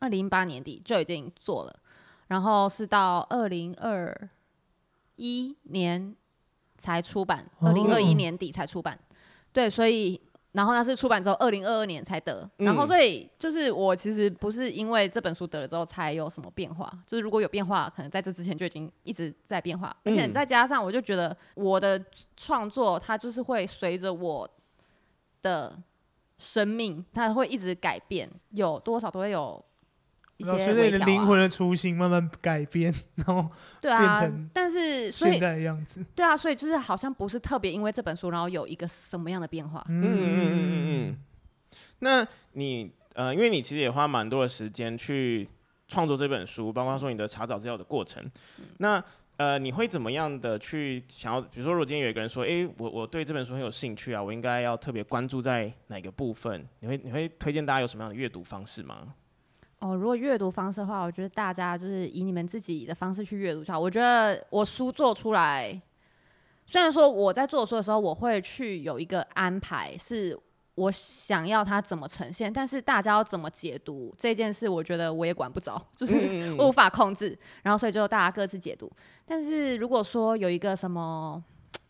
二零一八年底就已經做了，然後是到二零二一年，才出版，二零二一年底才出版，oh. 對，所以然後那是出版之後，二零二二年才得，嗯，然後所以就是我其實不是因為這本書得了之後才有什麼變化，就是如果有變化，可能在這之前就已經一直在變化，而且再加上我就覺得我的創作它就是會隨着我的生命，它會一直改變，有多少都會有。隨着、啊、你的靈魂的初心慢慢改變，然後對啊，變成現在的樣子對、啊。對啊，所以就是好像不是特別因為這本書，然後有一個什麼樣的變化。嗯嗯嗯嗯嗯。那你呃，因為你其實也花蠻多的時間去創作這本書，包括說你的查找資料的過程。嗯、那呃，你會怎麼樣的去想要？比如說，如果今天有一個人說：“哎、欸，我我對這本書很有興趣啊，我應該要特別關注在哪個部分？”你會你會推薦大家有什麼樣的閱讀方式嗎？哦，如果閱讀方式的話，我覺得大家就是以你們自己的方式去閱讀就好。我覺得我書做出來，雖然說我在做書的時候，我會去有一個安排，是我想要它怎麼呈現，但是大家要怎麼解讀這件事，我覺得我也管不着，就是我、嗯嗯嗯、無法控制。然後所以就大家各自解讀。但是如果說有一個什麼……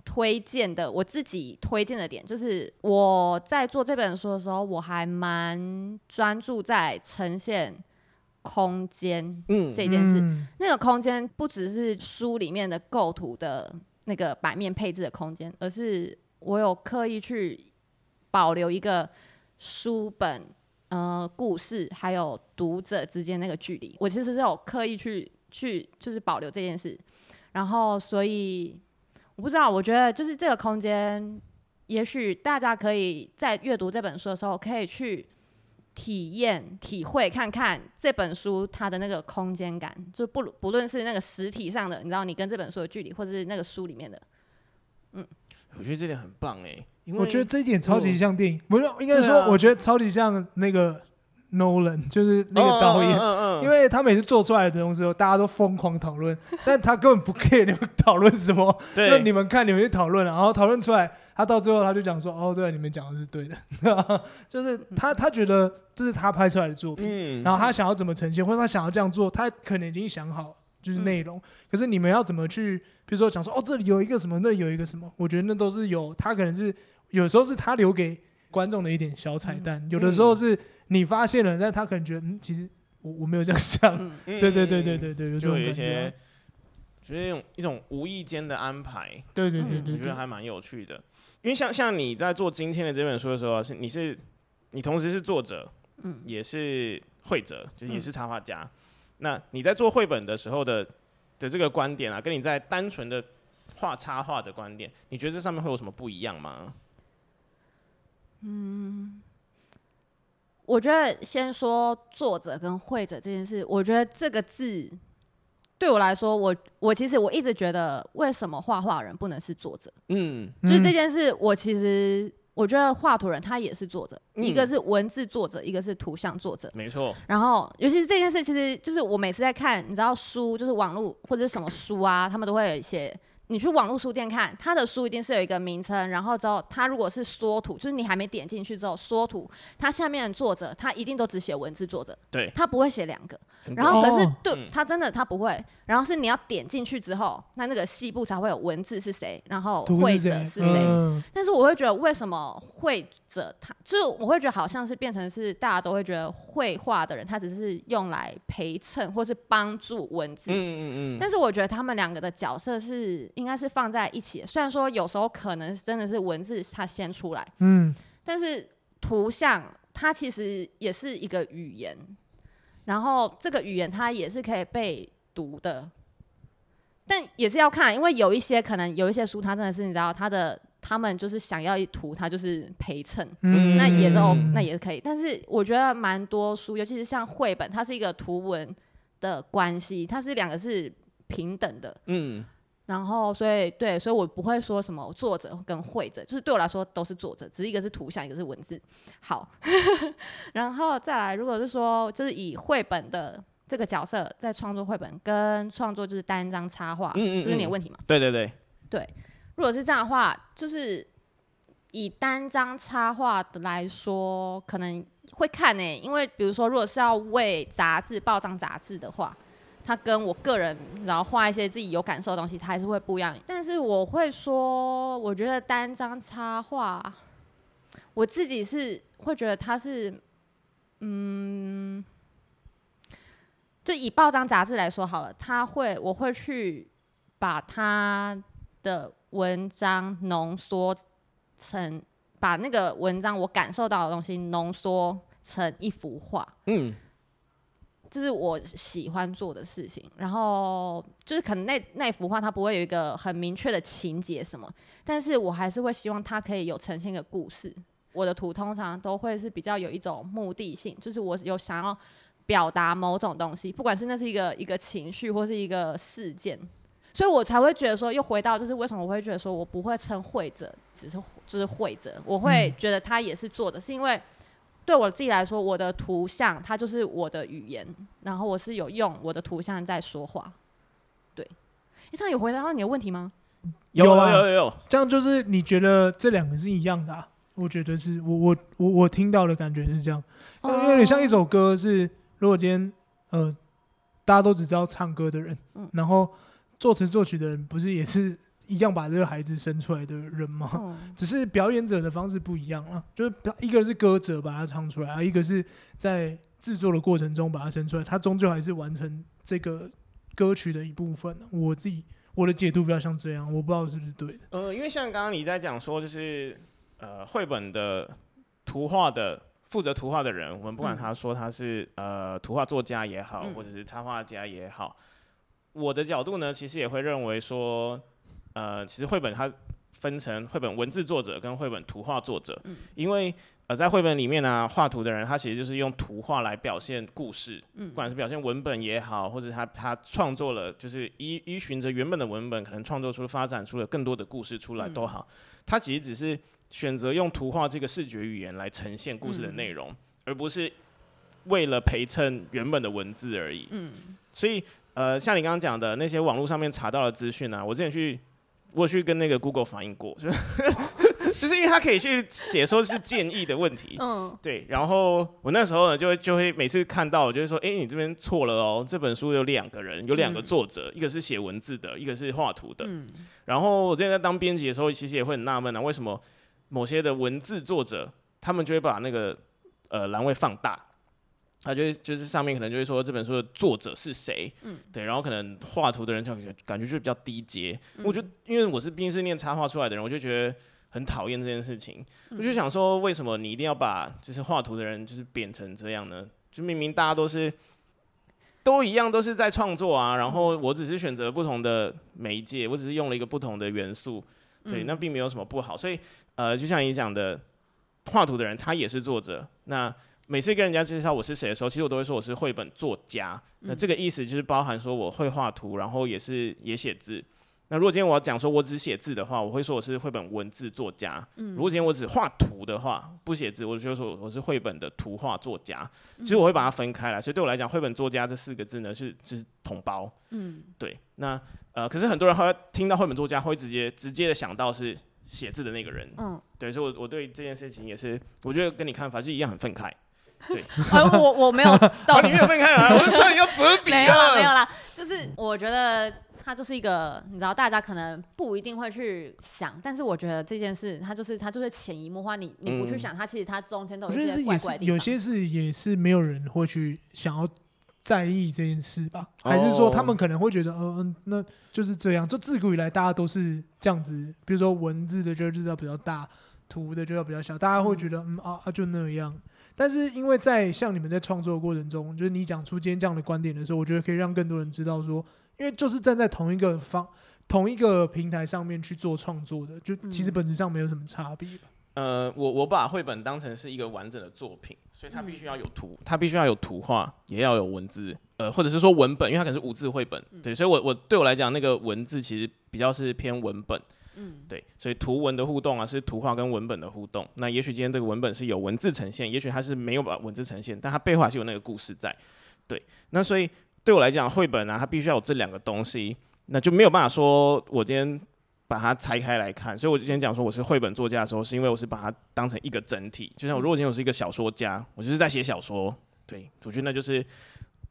推薦的，我自己推薦的點就是，我在做這本書的時候，我還蠻專注在呈現空間這件事。嗯、那個空間不只是書裡面的構圖的那個版面配置的空間，而是我有刻意去保留一個書本、呃，故事還有讀者之間那個距離。我其實是有刻意去去就是保留這件事，然後所以。我不知道，我覺得就是這個空間，也許大家可以在閱讀這本書的時候，可以去體驗、體會，看看這本書它的那個空間感，就不不論是那個實體上的，你知道，你跟這本書的距離，或者是那個書裡面的，嗯，我覺得這點很棒，哎、欸，因為我覺得這一點超級像電影，不是，應該說，我覺得超級像那個。Nolan 就是那個導演，oh, oh, oh, oh, oh, oh. 因為他每次做出來的東西，大家都瘋狂討論， *laughs* 但他根本不 care 你們討論什麼，那 *laughs* 你們看你們去討論，然後討論出來，他到最後他就講說：“哦，對，你們講的是對的。 *laughs* ”就是他，他覺得這是他拍出來的作品，嗯、然後他想要怎麼呈現，或者他想要這樣做，他可能已經想好就是內容、嗯，可是你們要怎麼去，比如說講說：“哦，這裡有一個什麼，那裡有一個什麼。”我覺得那都是有他可能是有時候是他留給。觀眾的一點小彩蛋，嗯，有的時候是你發現了，嗯，但他可能覺得嗯，其實我我沒有這樣想，對，嗯，對對對對對，有這種感覺、啊，就有一些覺得一種一種無意間的安排，對對對，我覺得還蠻有趣的。嗯，因為像像你在做今天的這本書的時候，啊，是你是你同時是作者，嗯，也是繪者，就是，也是插畫家，嗯。那你在做繪本的時候的的這個觀點啊，跟你在單純的畫插畫的觀點，你覺得這上面會有什麼不一樣嗎？嗯，我覺得先說作者跟繪者這件事。我覺得這個字對我來說，我我其實我一直覺得，為什麼畫畫人不能是作者？嗯，就是這件事，嗯、我其實我覺得畫圖人他也是作者、嗯，一個是文字作者，一個是圖像作者，沒錯。然後，尤其是這件事，其實就是我每次在看，你知道書，就是網絡或者是什麼書啊，他們都會有一些。你去網絡書店看，他的書一定是有一個名稱，然後之後他如果是縮圖，就是你還沒點進去之後縮圖，他下面的作者他一定都只寫文字作者，對，他不會寫兩個。然後可是對、嗯、他真的他不會，然後是你要點進去之後，那那個細部才會有文字是誰，然後繪者是誰、嗯。但是我會覺得為什麼繪者他，就我會覺得好像是變成是大家都會覺得繪畫的人，他只是用來陪襯或是幫助文字、嗯嗯嗯。但是我覺得他們兩個的角色是。應該是放在一起，雖然說有時候可能真的是文字它先出來，嗯，但是圖像它其實也是一個語言，然後這個語言它也是可以被讀的，但也是要看，因為有一些可能有一些書，它真的是你知道，它的他們就是想要一圖，它就是陪襯，嗯嗯，那也是，哦，那也是可以。但是我覺得蠻多書，尤其是像繪本，它是一個圖文的關係，它是兩個是平等的，嗯。然後，所以對，所以我不會說什麼作者跟繪者，就是對我來說都是作者，只是一個是圖像，一個是文字。好， *laughs* 然後再來，如果是說就是以繪本的這個角色在創作繪本跟創作就是單張插畫，嗯嗯嗯，這是你的問題嗎？對對對對。如果是這樣的話，就是以單張插畫的來說，可能會看誒、欸，因為比如說，如果是要為雜誌、報章雜誌的話。他跟我個人，然後畫一些自己有感受的東西，他還是會不一樣。但是我會說，我覺得單張插畫，我自己是會覺得他是，嗯，就以報章雜誌來說好了，他會，我會去把他的文章濃縮成，把那個文章我感受到的東西濃縮成一幅畫，嗯。這是我喜歡做的事情，然後就是可能那那幅畫它不會有一個很明確的情節什麼，但是我還是會希望它可以有呈現一個故事。我的圖通常都會是比較有一種目的性，就是我有想要表達某種東西，不管是那是一個一個情緒或是一個事件，所以我才會覺得說又回到就是為什麼我會覺得說我不會稱繪者，只是就是繪者，我會覺得他也是作者，嗯、是因為。對我自己來說，我的圖像它就是我的語言，然後我是有用我的圖像在說話。對，你這樣有回答到你的問題嗎？有啊，有啊有啊有。這樣就是你覺得這兩個是一樣的啊？我覺得是我我我我聽到的感覺是這樣，嗯，因為有點像一首歌是，如果今天呃大家都只知道唱歌的人，嗯，然後作詞作曲的人不是也是？一樣把這個孩子生出來的人嗎？Oh. 只是表演者的方式不一樣啊。就是表，一個是歌者把它唱出來啊，一個是在製作的過程中把它生出來，他終究還是完成這個歌曲的一部分、啊。我自己我的解讀比較像這樣，我不知道是不是對的。呃，因為像剛剛你在講說，就是呃，繪本的圖畫的負責圖畫的人，我們不管他說他是、嗯、呃圖畫作家也好，或者是插畫家也好、嗯，我的角度呢，其實也會認為說。呃，其實繪本它分成繪本文字作者跟繪本圖畫作者，嗯、因為呃在繪本裡面呢、啊，畫圖的人他其實就是用圖畫來表現故事、嗯，不管是表現文本也好，或者他他創作了，就是依依循着原本的文本，可能創作出發展出了更多的故事出來都好，嗯、他其實只是選擇用圖畫這個視覺語言來呈現故事的內容、嗯，而不是為了陪襯原本的文字而已。嗯、所以呃，像你剛剛講的那些網絡上面查到的資訊呢，我之前去。我去跟那個 Google 反映過，就 *laughs* *laughs* 就是因為他可以去寫說是建議的問題，嗯， *laughs* 對。然後我那時候呢，就會就會每次看到，就會說，哎、欸，你這邊錯了哦，這本書有兩個人，有兩個作者，嗯、一個是寫文字的，一個是畫圖的。嗯。然後我之前在當編輯的時候，其實也會很納悶啊，為什麼某些的文字作者，他們就會把那個呃欄位放大。他就會就是上面可能就會說這本書的作者是誰，嗯，對，然後可能畫圖的人就感覺就比較低階、嗯。我覺得，因為我是畢竟是念插畫出來的人，我就覺得很討厭這件事情。嗯、我就想說，為什麼你一定要把就是畫圖的人就是貶成這樣呢？就明明大家都是都一樣，都是在創作啊。然後我只是選擇不同的媒介，我只是用了一個不同的元素，對，嗯、那並沒有什麼不好。所以，呃，就像你講的，畫圖的人他也是作者，那。每次跟人家介紹我是誰的時候，其實我都會說我是繪本作家。那這個意思就是包含說我會畫圖，然後也是也寫字。那如果今天我要講說我只寫字的話，我會說我是繪本文字作家。嗯、如果今天我只畫圖的話，不寫字，我就說我是繪本的圖畫作家。其實我會把它分開來。所以對我來講，繪本作家這四個字呢是就是統包。嗯，對。那呃，可是很多人會聽到繪本作家，會直接直接的想到是寫字的那個人。嗯、哦，對。所以我，我我對這件事情也是，我覺得跟你看法就一樣很分開，很憤慨。對， *laughs* 啊、我我沒有，到、啊、你有沒有看啊？ *laughs* 我就這裡用紙筆，沒有了，沒有了。就是我覺得它就是一個，你知道，大家可能不一定會去想，但是我覺得這件事它、就是，它就是它就是潛移默化，你你不去想、嗯、它，其實它中間都是有些事也是，有些事也是沒有人會去想要在意這件事吧？哦、還是說他們可能會覺得，嗯嗯，那就是這樣，就自古以來大家都是這樣子，比如說文字的就要比較大，圖的就要比較小，大家會覺得，嗯、嗯啊，就那樣。但是因為，在像你們在創作的過程中，就是你講出今天這樣的觀點的時候，我覺得可以讓更多人知道說，因為就是站在同一個方、同一個平台上面去做創作的，就其實本質上沒有什麼差別、嗯。呃，我我把繪本當成是一個完整的作品，所以它必須要有圖，嗯、它必須要有圖畫，也要有文字。呃，或者是說文本，因為它可能是無字繪本、嗯，對。所以我我對我來講，那個文字其實比較是偏文本。嗯，對，所以圖文的互動啊，是圖畫跟文本的互動。那也許今天這個文本是有文字呈現，也許它是沒有把文字呈現，但它背後還是有那個故事在。對，那所以對我來講，繪本啊，它必須要有這兩個東西，那就沒有辦法說我今天把它拆開來看。所以我今天講說我是繪本作家的時候，是因為我是把它當成一個整體。就像我如果今天我是一個小說家，我就是在寫小說。對，主角那就是。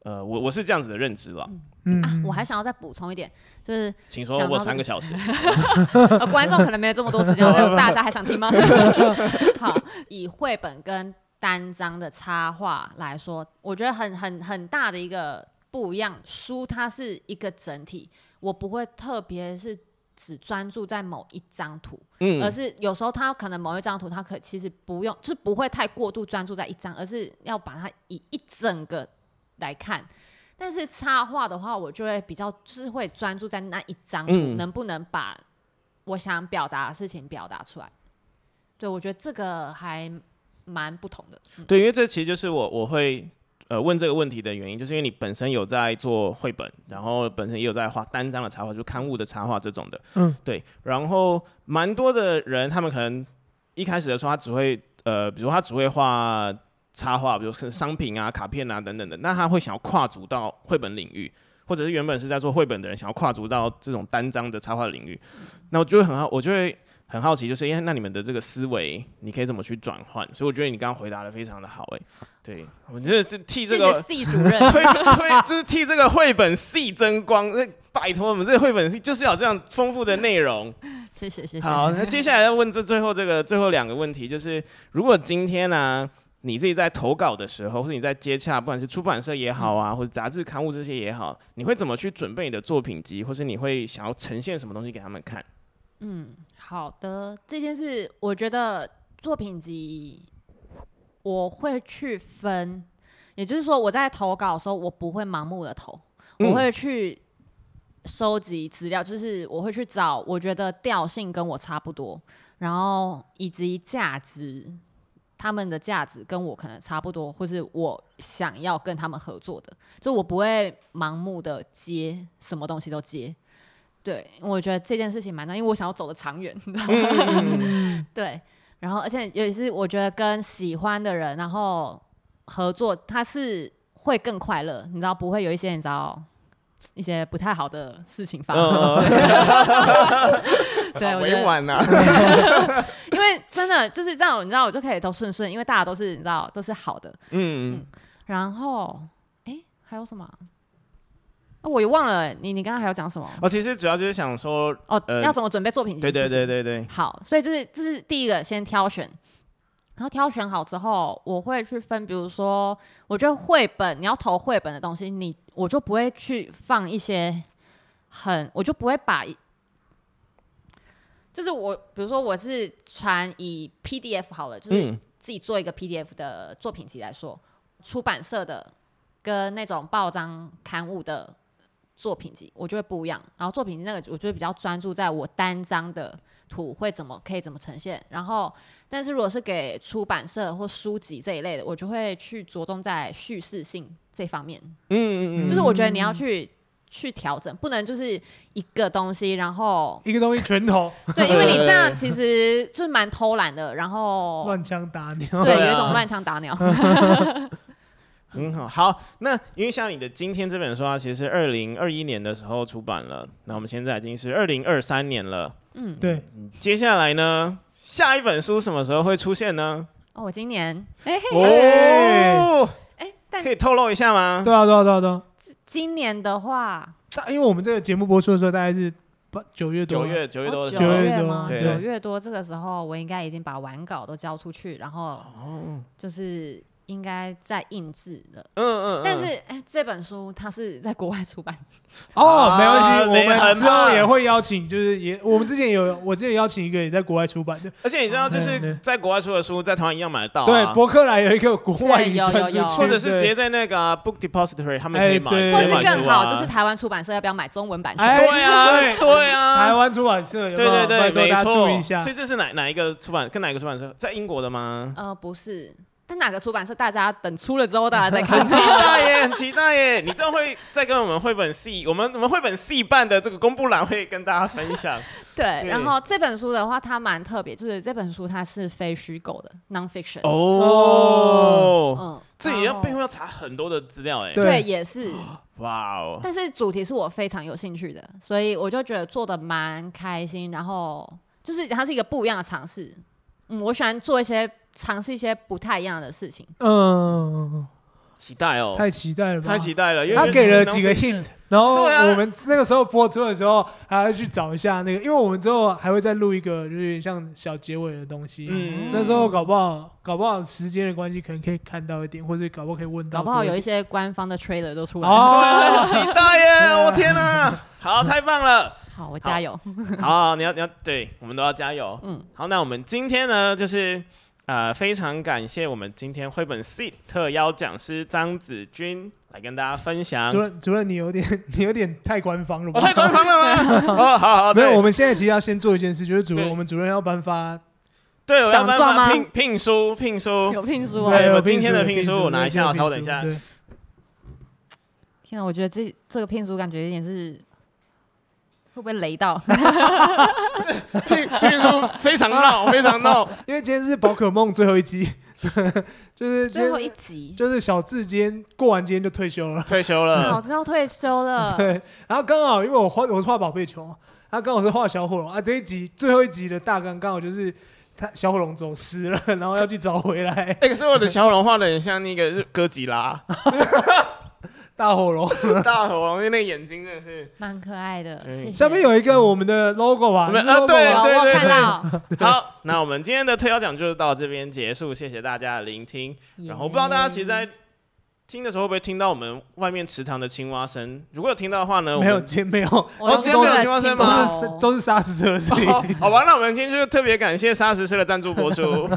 呃，我我是這樣子的認知了。嗯，嗯，啊，我還想要再補充一點，就是請說，我三個小時， *laughs* *laughs* 而觀眾可能沒有這麼多時間， *laughs* 所以大家還想聽嗎？ *laughs* 好，以繪本跟單張的插畫來說，我覺得很很很大的一個不一樣。書它是一個整體，我不會特別是只專注在某一張圖，嗯，而是有時候它可能某一張圖它可其實不用，就是不會太過度專注在一張，而是要把它以一整個。來看，但是插畫的話，我就會比較，就是會專注在那一張、嗯，能不能把我想表達的事情表達出來？對我覺得這個還蠻不同的。嗯、對，因為這其實就是我我會呃問這個問題的原因，就是因為你本身有在做繪本，然後本身也有在畫單張的插畫，就是、刊物的插畫這種的。嗯，對。然後蠻多的人，他們可能一開始的時候，他只會呃，比如他只會畫。插畫，比如是商品啊、卡片啊等等的，那他會想要跨足到繪本領域，或者是原本是在做繪本的人想要跨足到這種單張的插畫領域，嗯，那我就會很好，我就會很好奇，就是，哎，那你們的這個思維，你可以怎麼去轉換？所以我覺得你剛剛回答的非常的好，欸，哎，對，我就是替這個是是系主任，推 *laughs* 推就是替這個繪本系爭光，那 *laughs* 拜托我們這個繪本系就是要有這樣豐富的內容，謝謝謝謝。好，那接下來要問這最後這個 *laughs* 最後兩個問題，就是如果今天呢，啊？你自己在投稿的時候，或是你在接洽，不管是出版社也好啊，嗯，或者雜誌刊物這些也好，你會怎麼去準備你的作品集，或是你會想要呈現什麼東西給他們看？嗯，好的，這件事我覺得作品集我會去分，也就是說我在投稿的時候，我不會盲目的投，我會去收集資料，嗯，就是我會去找我覺得調性跟我差不多，然後以及價值。他們的價值跟我可能差不多，或是我想要跟他們合作的，就我不會盲目的接什麼東西都接。對，我覺得這件事情蠻難，因為我想要走得長遠，你知道嗎？嗯。對，然後而且尤其是我覺得跟喜歡的人然後合作，他是會更快樂，你知道不會有一些你知道一些不太好的事情發生。哦 *laughs* *laughs* 對，啊、我用完了。 *laughs* 因為真的就是這樣，你知道，我就可以都順順，因為大家都是你知道都是好的，嗯，嗯然後哎、欸、還有什麼？哦、我也忘了、欸，你你剛剛還有講什麼？我、哦、其實主要就是想說，哦、呃，要怎麼準備作品？對對對對對。好，所以就是這、就是第一個，先挑選，然後挑選好之後，我會去分，比如說，我覺得繪本，你要投繪本的東西，你我就不會去放一些很，我就不會把。就是我，比如說我是傳以 PDF 好了，就是自己做一個 PDF 的作品集來說，嗯，出版社的跟那種報章刊物的作品集，我就會不一樣。然後作品集那個，我就會比較專注在我單張的圖會怎麼可以怎麼呈現。然後，但是如果是給出版社或書籍這一類的，我就會去着重在敘事性這方面。嗯嗯嗯，嗯，就是我覺得你要去。去調整，不能就是一個東西，然後一個東西全投。 *laughs* 對，因為你這樣其實就是蠻偷懶的，然後亂槍打鳥。對，有一種亂槍打鳥。嗯、 *laughs* *laughs* 很好。好，那因為像你的今天這本書啊，其實是二零二一年的時候出版了，那我們現在已經是二零二三年了。嗯，對。接下來呢，下一本書什麼時候會出現呢？哦，我今年。哎、欸、嘿，嘿。哦、oh! 欸。哎，可以透露一下嗎？對啊，對啊，對啊，對啊。今年的話，啊，因為我們這個節目播出的時候大概是八九月多，九月，9月多，哦，9月，9月多，九月多。這個時候，我應該已經把完稿都交出去，然後就是。哦。應該在印製了，嗯，嗯嗯，但是哎、欸，這本書它是在國外出版哦、啊，沒關係，我們之後也會邀請，就是也我們之前有， *laughs* 我之前邀請一個也在國外出版的，而且你知道，就是在國外出的書，在台灣一樣買得到，啊。對，博客來有一個國外譯者，或者是直接在那個、啊、Book Depository，他們可以買，啊。或是更好，就是台灣出版社要不要買中文版？對啊，對，對,對啊，台灣出版社有有對,對對對，大家注意一下沒錯。所以這是哪哪一個出版跟哪一個出版社？在英國的嗎？呃，不是。但哪個出版社？大家等出了之後，大家再看。 *laughs* *laughs* *laughs* 期待耶，很期待耶！你這樣會再跟我們繪本系，我們我們繪本系辦的這個公布欄會跟大家分享。對，然後這本書的話，它蠻特別，就是這本書它是非虛構的 （nonfiction）。Oh! 哦嗯嗯，嗯，這也要背後要查很多的資料哎、欸。對，也是。哇、wow、哦！但是主題是我非常有興趣的，所以我就覺得做得蠻開心。然後就是它是一個不一樣的嘗試。嗯，我喜歡做一些。嘗試一些不太一樣的事情，嗯，期待哦、喔，太期待了吧，太期待了。因為他給了幾個 hint，然後我們、啊、那個時候播出的時候還要去找一下那個，因為我們之後還會再錄一個就是像小結尾的東西。嗯，那時候搞不好搞不好時間的關係，可能可以看到一點，或者搞不好可以問到一點。搞不好有一些官方的 trailer 都出來。哦，啊、 *laughs* 期待耶 *laughs* 啊！我天啊，好，太棒了！ *laughs* 好，我加油。好，好你要你要，對我們都要加油。嗯，好，那我們今天呢，就是。啊、呃，非常感謝我們今天繪本 C 特邀講師張梓鈞來跟大家分享。主任，主任，你有點，你有點太官方了吧，吧、哦？太官方了嗎？ *laughs* *laughs* 哦，好，好，沒有。我們現在其實要先做一件事，就是主任，我們主任要頒發，對，對，我要頒發聘聘書，聘書有聘書、啊、書啊，有，啊對有我今天的聘書，我拿一下，稍、啊、等一下。對天哪、啊，我覺得這這個聘書感覺有點是。會不會雷到？運運非常鬧，非常鬧，因為今天是寶可夢最後一集 *laughs* ，就是最後一集，就是小智今天過完今天就退休了， *laughs* 退休了，早知道退休了 *laughs* 對，然後剛好因為我畫我是畫寶貝球，他剛好是畫小火龍啊，這一集最後一集的大綱剛好就是他小火龍走失了，然後要去找回來。欸，可是我的小火龍畫的很像那個哥吉拉。 *laughs* *laughs* 大火龍， *laughs* 大火龍龍， *laughs* 因為那個眼睛真的是蠻可愛的，對，謝謝。下面有一個我們的 logo 吧，呃、logo 對對對，對，對。好，那我們今天的特邀講就是到這邊結束，謝謝大家的聆聽。 *laughs* 然後我不知道大家其實，在聽的時候會不會聽到我們外面池塘的青蛙聲？如果有聽到的話呢，沒有，沒有， *laughs* 我們只有青蛙聲嗎、哦？都是，都是 *laughs* 沙石車的聲音、 *laughs* 哦哦。好吧，那我們今天就特別感謝 *laughs* 沙石車的贊助播出。 *laughs*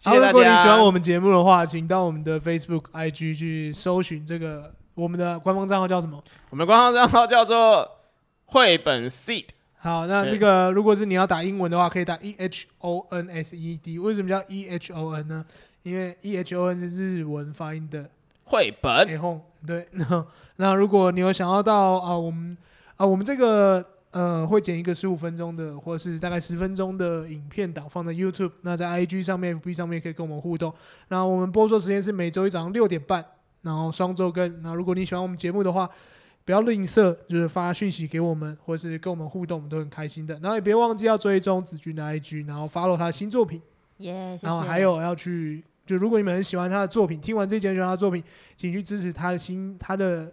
謝謝好，如果你喜歡我們節目的話，請到我們的 Facebook、IG 去搜尋這個我們的官方賬號叫什麼？我們的官方賬號叫做繪本 Seed 好，那這個、嗯、如果是你要打英文的話，可以打 E H O N S E D。為什麼叫 E H O N 呢？因為 E H O N 是日文發音的繪本。繪本對。那如果你有想要到,到啊，我們啊，我們這個。呃，會剪一個十五分鐘的，或者是大概十分鐘的影片檔放在 YouTube。那在 IG 上面，FB 上面也可以跟我們互動。那我們播出時間是每周一早上六點半，然後雙周更。那如果你喜歡我們節目的話，不要吝嗇，就是發訊息給我們，或是跟我們互動，我們都很開心的。然後也別忘記要追蹤梓鈞的 IG，然後 follow 他的新作品。Yeah, 然後還有要去，就如果你們很喜歡他的作品，聽完這集很喜歡他的作品，請去支持他的新他的。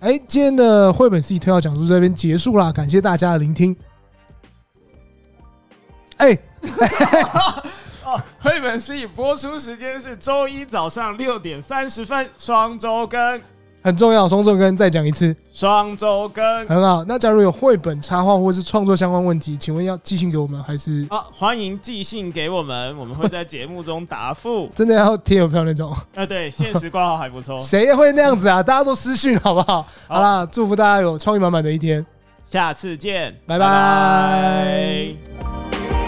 哎、欸，今天的繪本思議特邀講述這邊結束啦，感謝大家的聆聽、欸。哎，哦，繪、哦、本思議播出時間是周一早上六點三十分，雙週更。很重要，雙周更再講一次，雙周更很好。那假如有繪本插畫或者是創作相關問題，請問要寄信給我們還是？好、啊，歡迎寄信給我們，我們會在節目中答覆。 *laughs* 真的要貼郵票那種？啊，對，限時掛號還不錯。誰 *laughs* 會那樣子啊？大家都私訊好不好、嗯？好啦，祝福大家有創意滿滿的一天，下次見，bye bye 拜拜。